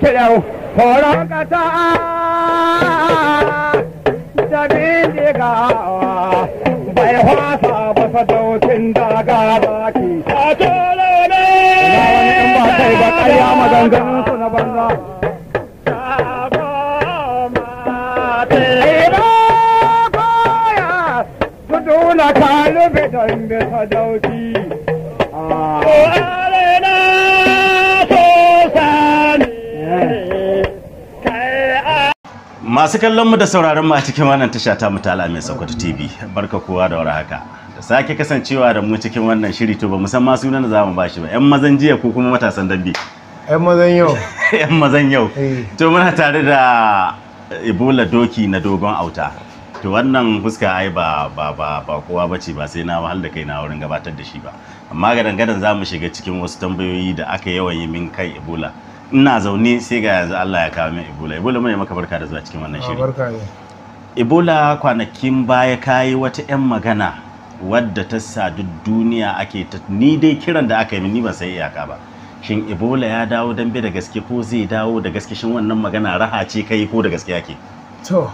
tirau horon kasa da bindiga bai hwasa ba sadautin daga baki a tolo ne ba kai ba karya maganganun su na banza Dole don bisa dauki. Masu kallon mu da sauraron mu a cikin wannan tasha ta mutala mai Sokoto TV. Barka kowa da warhaka. Da sake kasancewa da mu cikin wannan shiri to ba mu san ma sunan da za mu bashi ba. Yan mazan jiya ko kuma matasan dambe. Yan mazan yau. Yan mazan yau. Eh. To muna tare da Ebola doki na dogon auta. To wannan fuska ai ba ba ba ba kowa bace ba sai na wahal da kai na wurin gabatar da shi ba. Amma gadan gadan za shiga cikin wasu tambayoyi da aka yawan yi min kai Ebola. ina zaune sai ga yanzu Allah ya kawo min Ebola Ebola mun yi maka barka da zuwa cikin wannan shiri barka ne Ebola kwanakin baya kayi wata yan magana wadda ta sadu duniya ake ta ni dai kiran da aka yi ni ban sai iyaka ba shin Ebola ya dawo bi da gaske ko zai dawo da gaske shin wannan magana raha ce kai ko da gaske yake to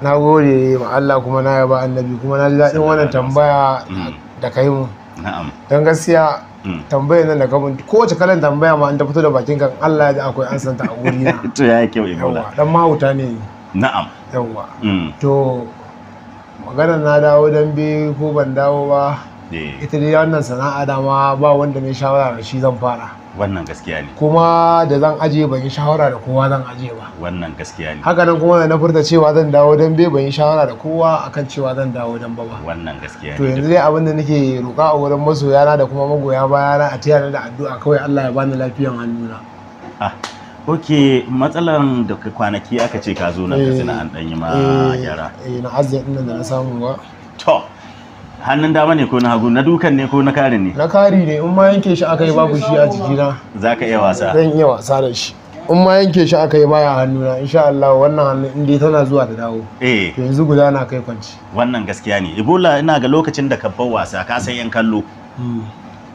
na gode ma Allah kuma na yaba annabi kuma na ji daɗin wannan tambaya mm. da kai mu na'am don gaskiya tambayar nan da kamun kowace kalan tambaya ma an ta fito da bakin kan Allah ya akwai an santa a wuri na to ya yi ya mai yawa dan mahauta ne na'am yawa mm. to magana na dawo dan bi ko ban dawo ba Eh. ita dai wannan sana'a dama ba wanda mai shawara da shi zan fara wannan gaskiya ne kuma da zan aje ban yi shawara da kowa zan aje ba wannan gaskiya ne haka nan kuma na furta cewa zan dawo dan be ban yi shawara da kowa akan cewa zan dawo dan ba wannan gaskiya ne to yanzu dai abin da nake roƙa a wurin masoya na da kuma magoya bayana a taya da addu'a kawai Allah ya bani lafiyan hannuna ah oke matsalan da kwanaki aka ce ka zo nan ka eh. an danyi ma eh. yara eh na da na samu ba to hannun dama ne ko na hagu na dukan ne ko na kari ne na kari ne in ma yanke shi aka yi babu shi a jikina za ka iya wasa zan iya wasa da shi in ma yanke shi aka yi baya hannuna insha Allah wannan hannun inda tana zuwa da dawo eh to yanzu guda na kai kwanci wannan gaskiya ne Ibola ina ga lokacin da ka bar wasa ka san yan kallo hmm.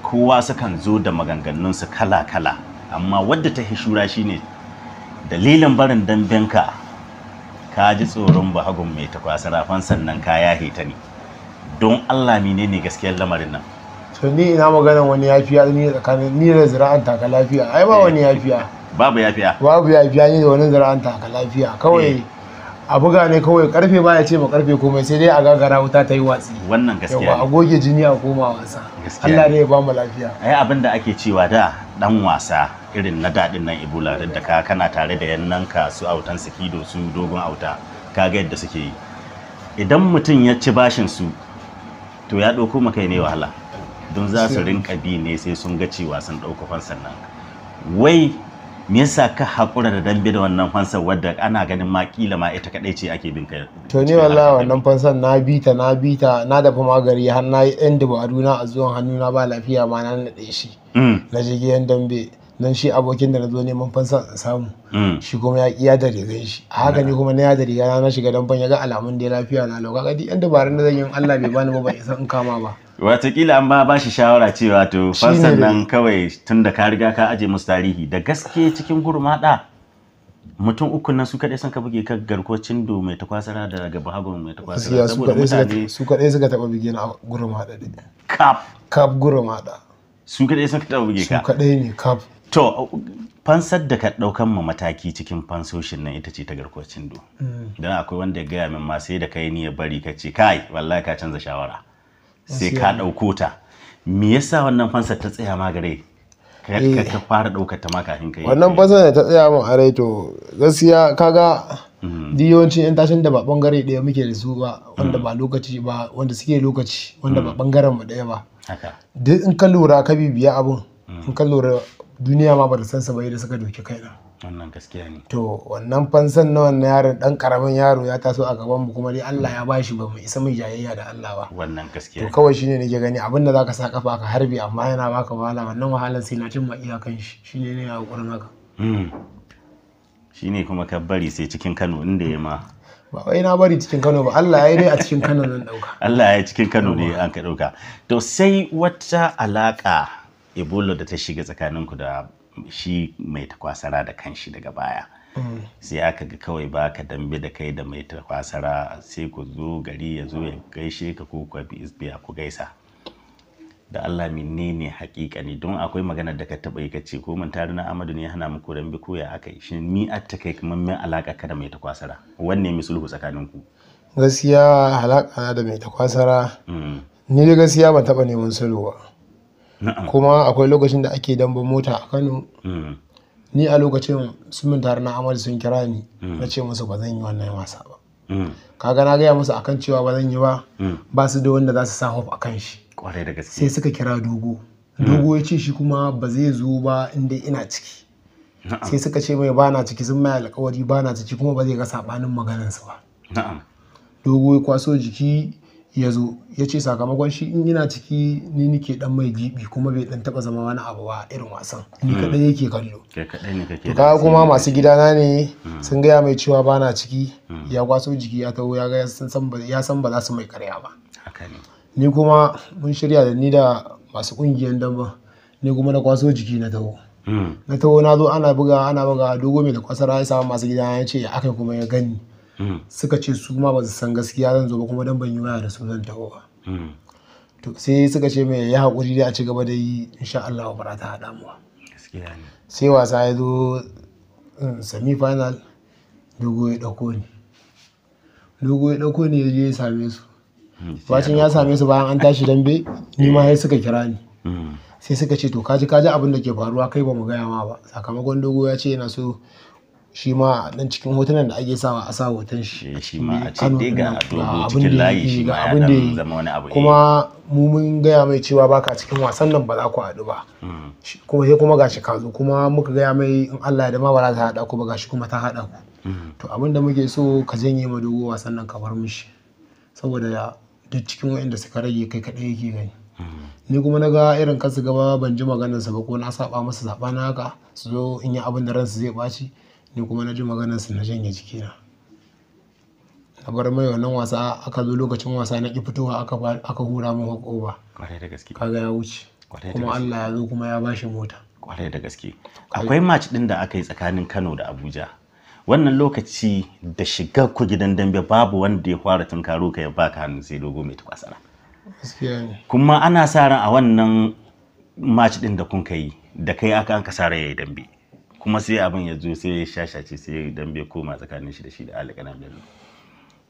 kowa sukan zo da maganganun su kala kala amma wadda ta hishura shine dalilin barin dambenka ka ji tsoron bahagun mai takwasarafan sannan ka yahe ta ne don Allah ne gaskiyar lamarin nan to ni ina maganan wani yafiya ni tsakanin ni da zira'an taka lafiya ai ba eh. wani yafiya babu yafiya babu yafiya ni da wani zira'an taka lafiya kawai eh. a buga ne kawai karfe ba ya ce ma karfe komai sai dai a gagara wuta ta yi watsi wannan gaskiya yawa a goge jini a koma wasa Allah ne ya ba mu lafiya ai abin da ake cewa da dan wasa irin na dadin nan Ebola da ka kana tare da ka su autan su kido su dogon auta kaga yadda suke yi idan mutum ya ci bashin su to ya ɗauko maka ne wahala don za su rinka bi ne sai sun ga cewa sun ɗauko fansan nan wai me yasa ka haƙura da dambe da wannan fansan wadda ana ganin ma kila ma ita kaɗai ce ake bin ka to ni wallahi wannan fansan na bita na bita na dafa magari har na yi ɗan dubaru na a zuwan hannu na ba lafiya ma na naɗe shi mm. na je gidan dambe don shi abokin da na zo neman fansa in samu mm. shi kuma ya ƙi da rigan shi a haka ne kuma na yada riga na shiga don ya ga alamun da lafiya na lauka gadi yan dabarun da zan yi Allah bai bani ba ba isa in kama ba watakila an ba ba shi shawara cewa to fansan nan kawai tun da ka riga ka aje musu tarihi da gaske cikin gurmaɗa mutum uku nan su kaɗai sun ka buge ka garkocin do mai takwasara da gaba hagun mai takwasara saboda mutane su kaɗai suka taɓa buge na gurmaɗa kap kap gurmaɗa su kaɗai sun ka taɓa buge ka su kaɗai ne kap to fansar da ka ɗaukan ma mataki cikin fansoshin nan ita ce ta garkuwar do mm. don akwai wanda ya gaya min ma sai da kai ni ya bari ka ce kai wallahi ka canza shawara sai ka ɗauko ta me yasa wannan fansar ta tsaya ma gare ka eh. fara ɗaukar ta ma kafin yi. wannan fansar da ta tsaya ma gare to gaskiya kaga mm-hmm. yawancin yan tashin da ba bangare ɗaya muke da su ba wanda mm-hmm. ba lokaci ba wanda suke lokaci wanda ba bangaren mm-hmm. mu ɗaya ba duk in ka lura ka bibiya abun in ka lura duniya ma bata san sa bai da suka doki kaina wannan gaskiya ne to wannan fansan na wannan yaron dan karamin yaro ya taso a gaban mu kuma dai Allah ya bashi ba mu isa mai jayayya da Allah ba wannan gaskiya to kawai shine nake gani abinda zaka sa kafa ka harbi amma yana baka wahala wannan wahalar sai na cin ma iyakan shi shine ne ya hakurin haka hmm. shine kuma ka bari sai cikin Kano inda ya ma ba wai na bari cikin Kano ba Allah ya yi dai a cikin Kano nan dauka Allah ya yi cikin Kano ne an ka dauka to sai wata alaka ebola da ta shiga tsakaninku da shi mai takwasara da kanshi daga baya mm. sai aka ga kawai ba ka dambe da kai da mai takwasara sai ku zo gari ya zo ya gaishe ka ko ku gaisa da Allah menene ne don akwai magana da ka taba yi ka ce ko mun tare na Amadu ne hana muku dambe ko ya aka yi shin atta kai kamar min alaka ka da mai takwasara wanne mai sulhu tsakanin ku gaskiya alaƙa da mai takwasara mm. ni da gaskiya ban taba neman sulhu ba kuma akwai lokacin da ake damba mota a kano mm. ni a lokacin sumin tare na amal sun kira ni mm. na ce musu ba zan yi wannan wasa ba mm. kaga na gaya musu akan cewa ba zan yi ba ba su da wanda za su sa hof kan shi sai suka kira dogo dogo ya ce shi kuma ba zai zo ba inda ina ciki sai suka ce mai bana ciki sun mai alkawari bana ciki kuma ba zai ga sabanin maganansu ba dogo ya kwaso jiki ya zo ya ce sakamakon shi in ina ciki ni nike dan mai gibi kuma bai dan taba zama wani abu ba irin wasan ni hmm. kadai yake kallo ka kuma masu gidana ne hmm. sun gaya mai cewa bana ciki hmm. ya kwaso jiki ya taho ya ya san ba za su mai karya ba ni kuma mun shirya da ni da masu kungiyan dabba ni kuma na kwaso jiki na taho na taho na zo ana buga ana buga dogo mai da kwasara ya samu masu gidana ya ce ya aka kuma ya gani Mm. suka ce su ma ba su san gaskiya zan zo ba kuma dan ban yi waya da su zan taho ba mm. to sai suka ce mai ya haƙuri da a ci gaba da yi insha Allah ba ta haɗa mu sai wasa ya zo mm, semi final dogo ya dauko ni dogo ya dauko ni ya ya same su bacin ya same su bayan an tashi dambe ni ma sai suka kira ni sai suka ce to kaji kaji abin da ke faruwa kai ba mu gaya ma ba sakamakon dogo ya ce yana so shi ma dan cikin hotunan da ake sawa a sa hoton shi eh, shi ma a ce dai ga dogo cikin layi shi ma ya dan zama wani abu kuma eh. mu mun gaya mai cewa baka cikin wasan nan ba za ku haɗu ba hmm. kuma sai kuma gashi ka zo kuma muka gaya mai in Allah ya dama ba za ta haɗa ku ba gashi kuma ta haɗa ku hmm. to abin da muke so ka janye ma dogo wasan nan ka bar mishi saboda duk cikin wa'inda suka rage kai kaɗai yake gani hmm. ni kuma na ga irin kansu gaba ban ji maganarsa ba ko na saba masa zaɓa na haka su zo in yi abin da ransu zai ɓaci ni kuma na ji maganarsu na janye jikina na bar mai wannan wasa aka zo lokacin wasa na ki fitowa aka hura min haƙoba ƙwarai da gaske kaga ya wuce kuma Allah ya zo kuma ya bashi mota kwarai da gaske akwai match din da aka yi tsakanin Kano da Abuja wannan lokaci da shigar ku gidan dambe babu wanda ya fara tunkaro ka ya baka hannu sai dogo mai tukwasara kuma ana sa ran a wannan match din da kun kai da kai aka an ka sa yayi dambe kuma sai abin ya zo sai ya shashace sai dan bai koma tsakanin shi da shi da Ali Kanan Bello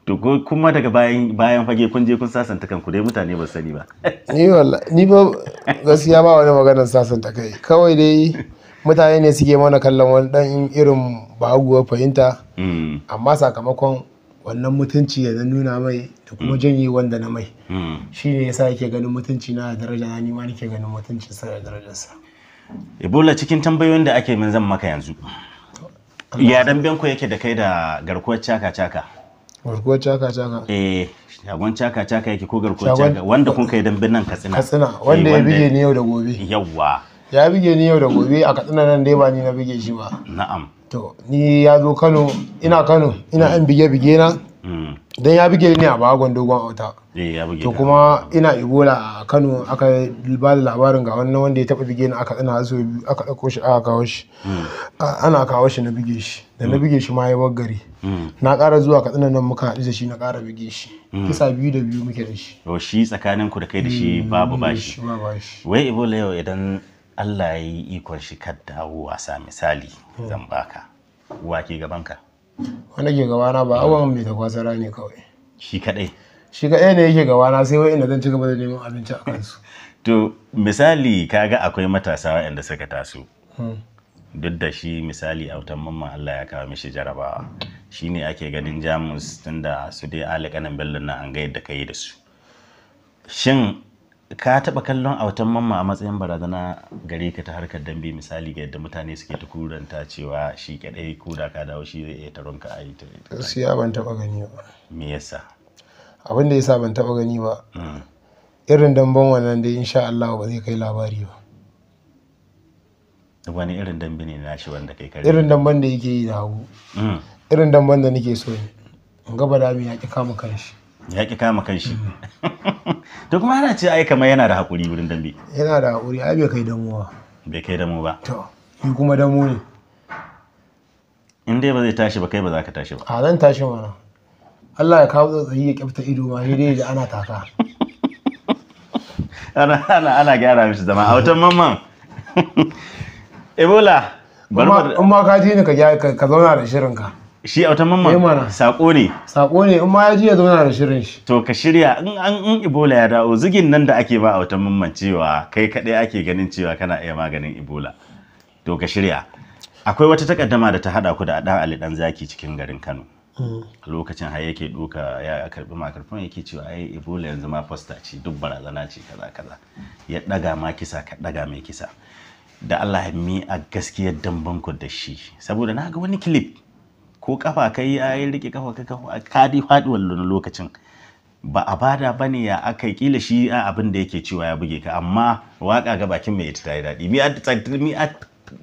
to kuma daga bayan bayan fage kun je kun sasanta kanku dai mutane ba sani ba ni wallahi ni ba gaskiya ba wani maganar sasanta kai kawai dai mutane ne suke mana kallon wani dan irin guwa fahimta hmm. amma sakamakon wannan mutunci da na nuna mai da kuma hmm. janye wanda na mai hmm. shi ne ya sa yake ganin mutunci na da daraja na nima nake ganin mutunci sa da darajarsa Ebola cikin tambayoyin da ake min zan maka yanzu. Ya dan ku yake da kai da garkuwar caka caka. Garkuwar caka caka. Eh, shagon caka caka yake ko garkuwar caka wanda kun kai dan nan Katsina. Katsina wanda ya eh, bige ni yau da gobe. Yawwa. Ya bige ni yau da gobe a Katsina nan dai ba ni na bige shi ba. Na'am. To, ni ya zo Kano, ina Kano, ina hmm. yan bige bige na. Hmm. dan ya bige ni a bagon dogon auta eh, to kuma ina ibola a kano aka ba da labarin ga wannan wanda ya taba bige ni aka tsina so aka dauko shi aka kawo shi hmm. ana kawo shi na bige shi da na hmm. bige shi ma ya gari hmm. na ƙara zuwa katsina nan muka haɗu da shi na ƙara bige shi kisa biyu da biyu muke da shi to shi tsakanin ku da kai da shi babu bashi wai ibola yau idan Allah ya yi ikon shi kar dawo wasa misali zan baka wa ke ka. wanda ke gabana ba abubuwan mai da ne kawai shi kadai shi kadai ne yake gabana sai wai inda zan ci gaba da neman abinci a kansu to misali kaga akwai matasa waɗanda suka taso hmm. duk da shi misali autan mamman Allah ya kawo mishi jarabawa shi ne ake ganin jamus tunda su dai alikanin bello na an ga yadda yi da su shin ka taɓa kallon autan mamma a matsayin barazana gare ka ta harkar dambe misali ga yadda mutane suke ta kuranta cewa shi kadai ko da ka dawo shi zai iya taron ka ayi ta gaskiya ban taɓa gani ba me yasa abin da yasa ban taɓa gani ba hmm. irin damben wannan dai insha Allah ba zai kai labari ba wani irin dambe ne na shi wanda kai kare irin damben da yake yi da hagu hmm. irin damben da nake so ne in gaba da ya ki kama kanshi ya ki kama kanshi to kuma ana ce ai kamar yana da hakuri wurin dambe yana da hakuri ai bai kai damuwa. bai kai damu ba to shi kuma damu ne in dai ba zai tashi ba kai ba za ka tashi ba a zan tashi mana Allah ya kawo tsatsayi ya kyafta ido ma dai da ana taka ana ana ana gyara mishi zama a wutan mamman ebola in ma ka ji ni ka zauna da shirinka shi a wata mamman eh sako ne sako ne in ma ya ji ya zauna da shirin shi to ka shirya in an in ibola ya dawo zugin nan da ake ba a wata mamman cewa kai kadai ake ganin cewa kana iya maganin Ebola. to ka shirya akwai wata takaddama da ta hada ku da dan ali dan zaki cikin garin kano mm. lokacin har yake duka ya karbi makarfin yake cewa ai ibola yanzu ma fasta ce duk barazana ce kaza kaza ya daga ma kisa ka daga mai kisa da Allah ya mi a gaskiyar ku da shi saboda na ga wani clip ko kafa kai ya yi rike kafa ka ka di faɗi wannan lokacin ba a bada ba ne ya aka kila shi a abin da yake cewa ya buge ka amma waka ga bakin mai ita ta yi daɗi mi a mi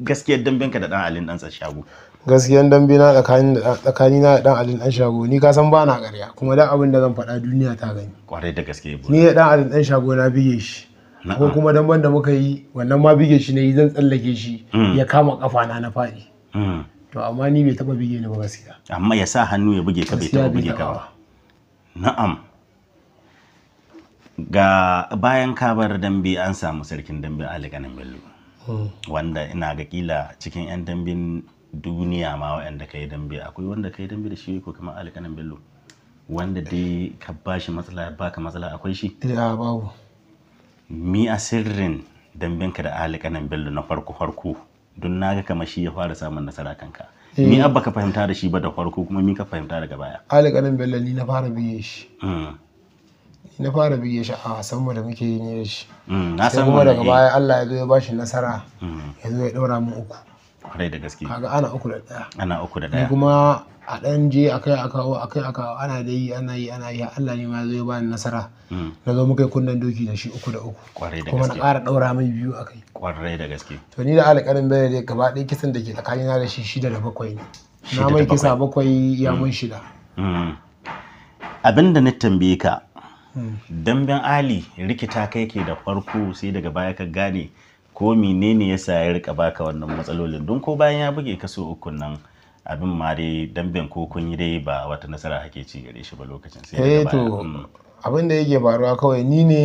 gaskiyar damben ka da ɗan alin ɗan shago gaskiyar dambe na tsakani na da ɗan alin ɗan shago ni ka san ba na ƙarya kuma da abin da zan faɗa duniya ta gani kwarai da gaske ni da ɗan alin ɗan shago na bige shi ko kuma damban da muka yi wannan ma bige shi ne zan tsallake shi mm. ya kama kafa na na faɗi mm. to amma ni bai taba bige ni ba gaskiya amma ya sa hannu ya buge ka bai taba buge ka ba na'am ga bayan kabar dambe an samu sarkin dambe Ali Kanan Bello hmm. wanda ina ga kila cikin 'yan dambin duniya ma waɗanda ka yi dambe akwai wanda ka yi dambe da shi ko kamar Ali Kanan Bello wanda dai ka ba shi matsala ba ka matsala akwai shi? eh babu. Mi asirrin sirrin dambenka da Ali Kanan Bello na farko farko. don naga kamar shi ya fara samun nasara kanka eh. ni abba ka fahimta da shi ba da farko kuma mi ka fahimta daga baya ali kanin bello ni na fara biye shi hmm. na fara biye shi a ah, wasan da muke yin shi hmm, na san mu daga baya Allah ya zo ya bashi nasara hmm. ya zo ya daura mu uku kwarai da gaske kaga ana uku da daya ana uku da daya kuma a dan je akai a kawo akai a kawo ana da yi ana yi ana yi Allah ne ma zai ba ni nasara mm. na zo muka kunnen doki da shi uku da uku kwarai da gaske kuma na ƙara daura mai biyu akai kwarai da gaske to ni da alƙarin bai da gaba ɗaya kisan da ke tsakanina da shi shida da bakwai ne na mai kisa bakwai ya mm. mun shida mm. abinda na tambaye ka damben ali rikita kai ke da farko sai daga baya ka gane ko menene yasa ya rika baka wannan matsalolin don ko bayan ya buge ka so uku nan abin ma dai damben ko kun yi dai ba wata nasara hake ci gare shi ba lokacin sai eh to hmm. abin da yake faruwa kawai ni ne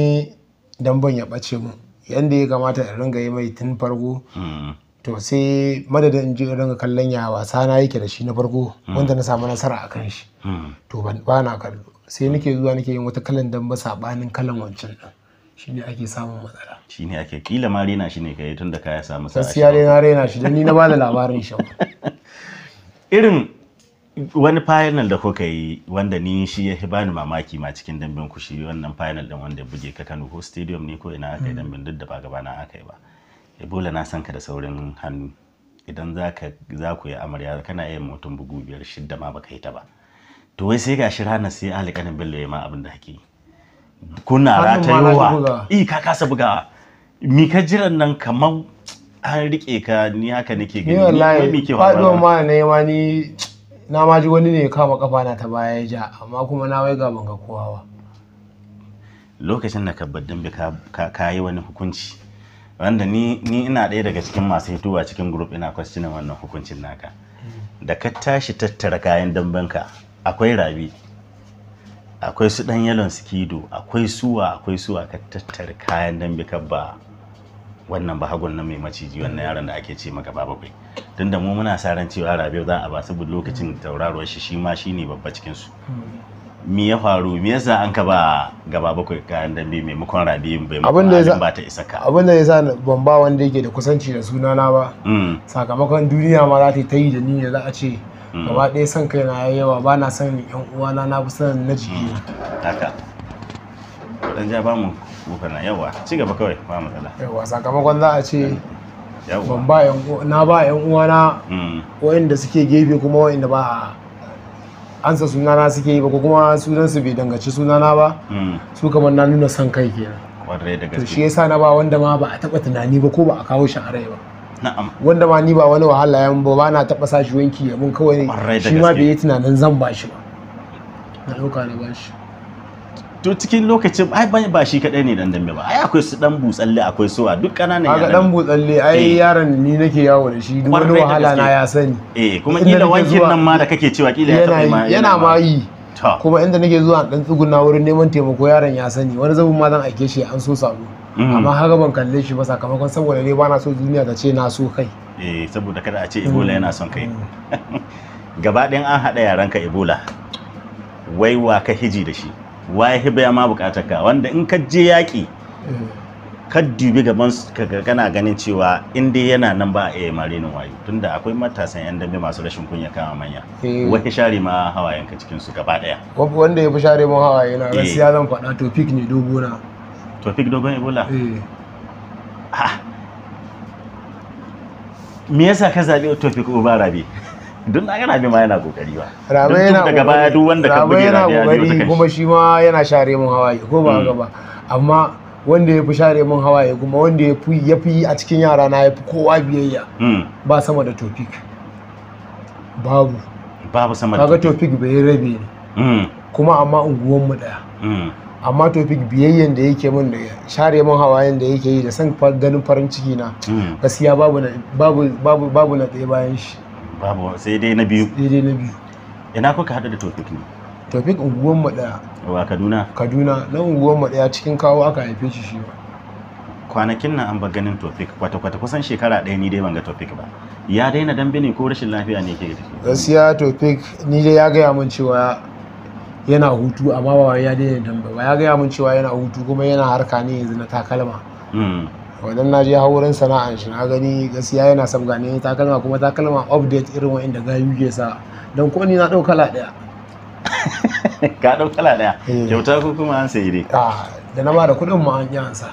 damben ya bace mu yanda ya kamata in ringa yi mai tun farko hmm. to sai madadin in je in ringa kallon ya wasa na yake da shi na farko hmm. wanda na samu nasara a kan shi to ba na kallo sai nake zuwa nake yin wata kalan damba sabanin kalan wancan din shine ake samun matsala shine ake kila ma rena shi ne kai tunda ka ya samu sa'a gaskiya ne na rena shi dan ni na bada labarin shi irin wani final da kuka yi wanda ni shi ya bani mamaki ma cikin dambin ku wannan final din wanda buge ka Kano ko stadium ne ko ina aka yi hmm. dambin duk da ba gaba na aka yi ba Ebola na san ka da saurin hannu idan za ku yi amarya kana iya mutum bugu biyar shidda ma baka yi ta ba to wai sai ga shi ranar sai alƙanin bello ya ma abin da hake kuna ratayowa i ka kasa buga mi ka jiran nan kamar an rike ka ni haka nake gani ni wallahi ke faɗo ma ne ma ni na ma ji wani ne kama kafa na ta baya ya ja amma kuma na wai ga ban kowa ba lokacin da ka baddin ka ka yi wani hukunci wanda ni ni ina ɗaya daga cikin masu hituwa cikin group ina questioning wannan hukuncin naka mm. da ka tashi tattara kayan damben ka akwai rabi akwai su dan yalon skido akwai suwa akwai suwa ka tattara kayan dan ka ba wannan ba hagun nan mai maciji wannan yaron da ake ce maka baba bai tun da mu muna sa ran cewa rabiu za a ba su lokacin tauraruwar shi shi ma shine babba cikin su me ya faru me yasa an ka ba gaba bakwai kayan dambe maimakon rabiyun bai abin da ba ta isa ka abin da yasa ban ba wanda yake da kusanci da sunana ba mm. sakamakon duniya ma za ta yi da ni za a ce Mm. gaba ɗaya son kai na yawa ba na son yan uwana na fi son na jiki mm. haka dan ja kuka na yawa ci gaba kawai ba tsala yawa sakamakon za a ce ban ba yan na ba yan mm. suke gefe kuma wa'anda ba ansa sunana suke yi ba ko kuma sunan su bai dangaci sunana ba su kamar na nuna son kai kenan kwarai da gaske to shi yasa na ba wanda ma ba a taba tunani ba ko ba a kawo shi a rai ba wanda ma ni ba wani wahala ya ba ba na taɓa sashi wanki ya mun kawai shi ma bai yi tunanin zan ba shi ba na ɗauka na ba shi to cikin lokacin ai ban ba shi kadai ne dan dambe ba ai akwai su dan butsalle akwai su a duk kananan yaran dan butsalle ai eh. yaron ni nake yawo da shi duk wani wahala na ya sani eh kuma kila wankin nan ma da kake cewa kila ya taba ma yana ma yi kuma inda nake zuwa dan tsuguna wurin neman taimako yaron ya sani wani zabin ma zan aike shi an so sabo mm. amma haka ban kalle shi ba sakamakon saboda ne bana so duniya ta ce na so kai eh saboda kada a ce ebola yana son kai mm. gaba ɗayan an haɗa yaran ka ebola wai wa ka hiji da shi wai hibiya ma bukatar ka wanda in ka je yaƙi mm. ka dubi gaban kaga kana ganin cewa in dai yana nan ba a iya marenin wayo tunda akwai matasan yan dambe masu rashin kunya kama manya eh. wata share ma hawayen ka cikin su gaba daya wafi wanda ya fi share mun hawaye na eh. gaskiya zan faɗa tofik ne dogona tofik dogon ebola eh. me yasa ka to tofik uba rabi don na gana bi ma yana kokari ba Rabi yana daga baya duk wanda ka buge rabi yana kokari kuma shi ma yana share mun hawaye ko ba haka ba mm. amma wanda ya fi share mun hawaye kuma wanda ya fi a cikin yara na ya fi kowa biyayya hmm. ba sama da topic babu babu sama da kaga topic bai rabe ne hmm. kuma amma unguwan mu daya hmm. amma topic biyayyen da yake mun da share mun hawayen da yake yi da san ganin farin ciki na gaskiya babu babu babu babu na ɗaya bayan shi babu sai dai na biyu sai dai na biyu ina kuka hada da topic ne Taufik unguwan mu daya. Wa Kaduna? Kaduna na unguwan mu daya cikin kawo aka haife shi shi Kwanakin nan an ba ganin Taufik kwata kwata kusan shekara ɗaya ni dai ban ga Taufik ba. Ya daina dambe ne ko rashin lafiya ne ke da Gaskiya Taufik ni dai ya gaya min cewa yana hutu amma ba ya daina dambe ba ya gaya min cewa yana hutu kuma yana harka ne yanzu na takalma. Hmm. wannan na je haurin sana'an shi na gani gaskiya yana son gane takalma kuma takalma update irin wa'inda gayu ke sa don ko ni na ɗau kala ɗaya ka kala ɗaya eh. kyauta ko kuma an sayi dai ah, da na ba da kuɗin mu an yansa.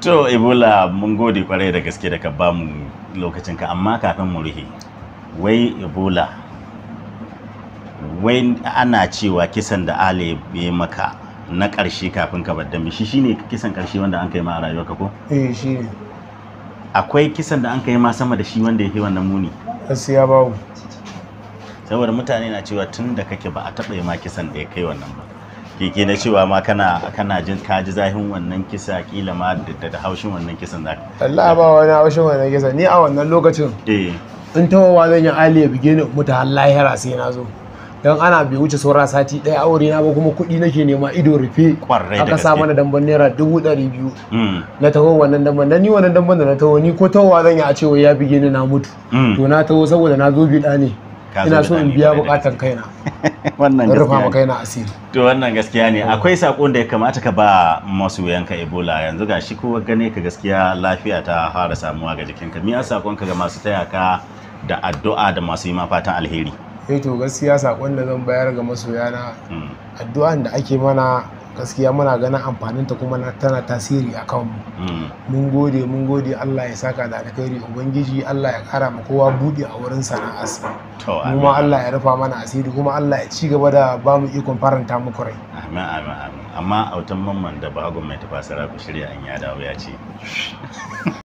to ebola mun gode kwarai da gaske da ka ba mu lokacin ka amma kafin mu rufe wai ebola wai ana cewa kisan da ale ya maka na ƙarshe kafin ka bada shi shine kisan ƙarshe wanda an kai ma a rayuwarka ko eh shine akwai kisan da an kai ma sama da shi wanda yake wannan muni gaskiya bawo saboda mutane na cewa tun da kake ba a taɓa yi ma kisan da ya kai wannan ba keke na cewa ma kana kana jin ka ji zahin wannan kisa kila ma da haushin wannan kisan da Allah ba wani haushin wannan kisa ni a wannan lokacin eh in wa zan yi ali ya bige ni mutu har lahira sai na zo don ana bai wuce saura sati ɗaya aure na ba kuma kuɗi nake nema ido rufe aka sa mana damban naira dubu ɗari biyu mm. na taho wannan damban na ni wannan damban da na taho ni ko tahowa zan yi a cewa ya bige ni na mutu mm. to na taho saboda na zo biɗa ne ina so in biya bukatan kaina wannan gaskiya rufa maka kaina asiri to wannan gaskiya ne akwai sakon da ya kamata ka ba masu yanka ebola yanzu gashi ko gane ka gaskiya lafiya ta fara samuwa ga jikinka mi ya sakon ka ga masu taya ka da addu'a da masu yi ma fatan alheri eh to gaskiya sakon da zan bayar ga masoyana hmm. addu'an da ake mana gaskiya muna ganin amfaninta kuma tana tasiri a kanmu mm. mun gode mun gode allah ya saka da alkhairi ubangiji allah ya kara ma kowa buɗe a wurin sana'as mu ma allah ya rufa mana asiri kuma allah ya ci gaba da ba mu ikon faranta muku rai amin amin amin amma autan mamman da bagon mai tafasara ku shirya an ya dawo ya ce